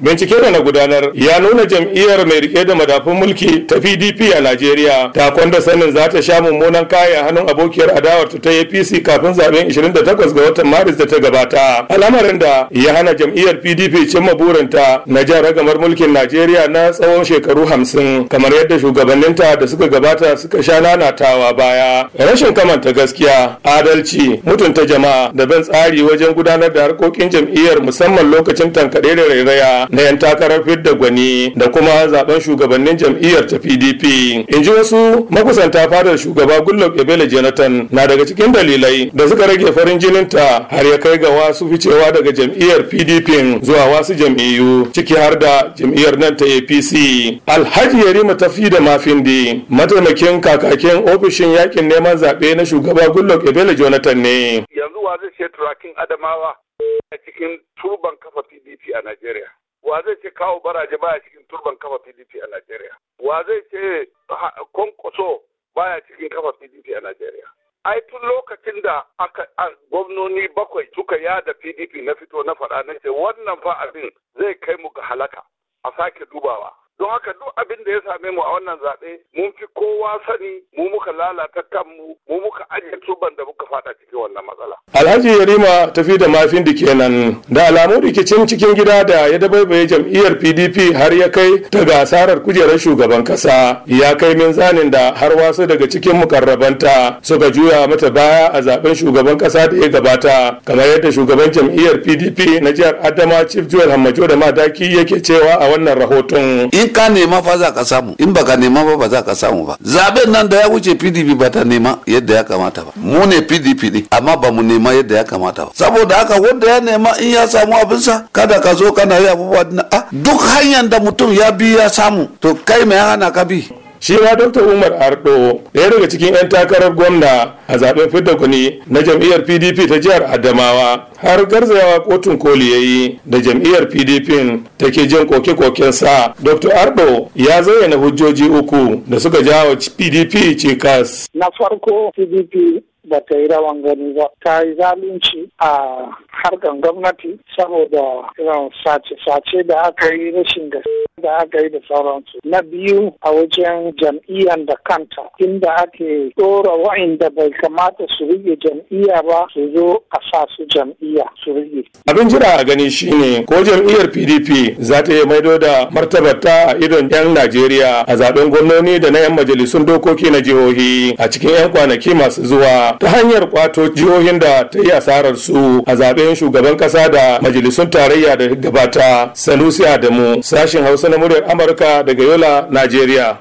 Bincike da na gudanar ya nuna jam'iyyar mai rike da madafun mulki ta PDP a Najeriya ta kwanda sanin za ta sha mummunan kaya hannun abokiyar adawar ta APC kafin zaben 28 ga watan Maris da ta gabata. Al'amarin da ya hana jam'iyyar PDP cimma burinta na jan ragamar mulkin Najeriya na tsawon shekaru hamsin. kamar yadda shugabanninta da suka gabata suka sha nanatawa baya. Rashin kamanta gaskiya, adalci, mutunta jama'a da bin tsari wajen gudanar da harkokin jam'iyyar musamman lokacin tankaɗe da rairaya na 'yan takarar fidda gwani da kuma zaben shugabannin jam'iyyar ta pdp in ji wasu makusanta fadar shugaba goodluck ebele jonathan na daga cikin dalilai da suka rage farin jinin ta har ya kai ga wasu ficewa daga jam'iyyar pdp zuwa wasu jam'iyyu ciki har da jam'iyyar nan ta apc alhaji yarima tafi da mafindi mataimakin kakakin ofishin yakin neman zaɓe na shugaba goodluck ebele jonathan ne yanzu wa zai ce turakin adamawa a cikin turban kafa pdp a najeriya wa zai ce kawo baraje baya cikin turban kafa pdp a najeriya wa zai ce kwankwaso baya cikin kafa pdp a najeriya ai tun lokacin da aka gwamnoni bakwai suka yada pdp na fito na faɗa na wannan fa abin zai kai mu ga halaka a sake dubawa don haka duk abin da ya same mu a wannan zaɓe mun fi kowa sani mu muka lalata kanmu mu muka ajiye tuban da muka fada cikin wannan matsala. Alhaji Yarima tafi da mafin da kenan da alamu rikicin cikin gida da ya dabaibaye jam'iyyar PDP har ya kai ta gasarar kujerar shugaban kasa ya kai min zanin da har wasu daga cikin mukarrabanta suka juya mata baya a zaben shugaban kasa da ya gabata kamar yadda shugaban jam'iyyar PDP na jihar Adama Chief Joel Hammajo da Madaki yake cewa a wannan rahoton. ka nema fa za ka samu in baka nema ba ba za ka samu ba zaben nan da ya wuce pdp ba ta nema yadda ya kamata ba mu ne pdp ne amma ba mu nema yadda ya kamata ba saboda haka wanda ya nema in ya samu sa kada ka zo kana yi abubuwa ah, duk hanyar da mutum ya bi ya samu to kai mai hana ka bi shi ma dr umar ardo ɗaya daga cikin 'yan takarar gwamna a zaben fidda kuni na jam'iyyar pdp ta jihar adamawa har garzayawa kotun koli ya yi da jam'iyyar pdp ta ke jin koke koken sa, dr ardo ya zayyana hujjoji uku da suka jawo pdp cikas na farko pdp ba ta yi rawan gani ba ta yi zalunci a harkar gwamnati saboda irin sace-sace da aka yi rashin gaske da aka yi da sauransu. Na biyu a wajen jam'iyyar da kanta inda ake ɗora wa'inda bai kamata su rige jam'iyya ba su zo a sa su jam'iyya su rige. Abin jira a gani shine ko jam'iyyar PDP za ta iya maido da martabarta a idon 'yan Najeriya a zaben gwamnoni da na 'yan majalisun dokoki na jihohi a cikin 'yan kwanaki masu zuwa ta hanyar kwato jihohin da ta yi asarar su a zaben shugaban kasa da majalisun tarayya da gabata Sanusi Adamu sashen Hausa Hausa na muryar Amurka daga Yola, Najeriya.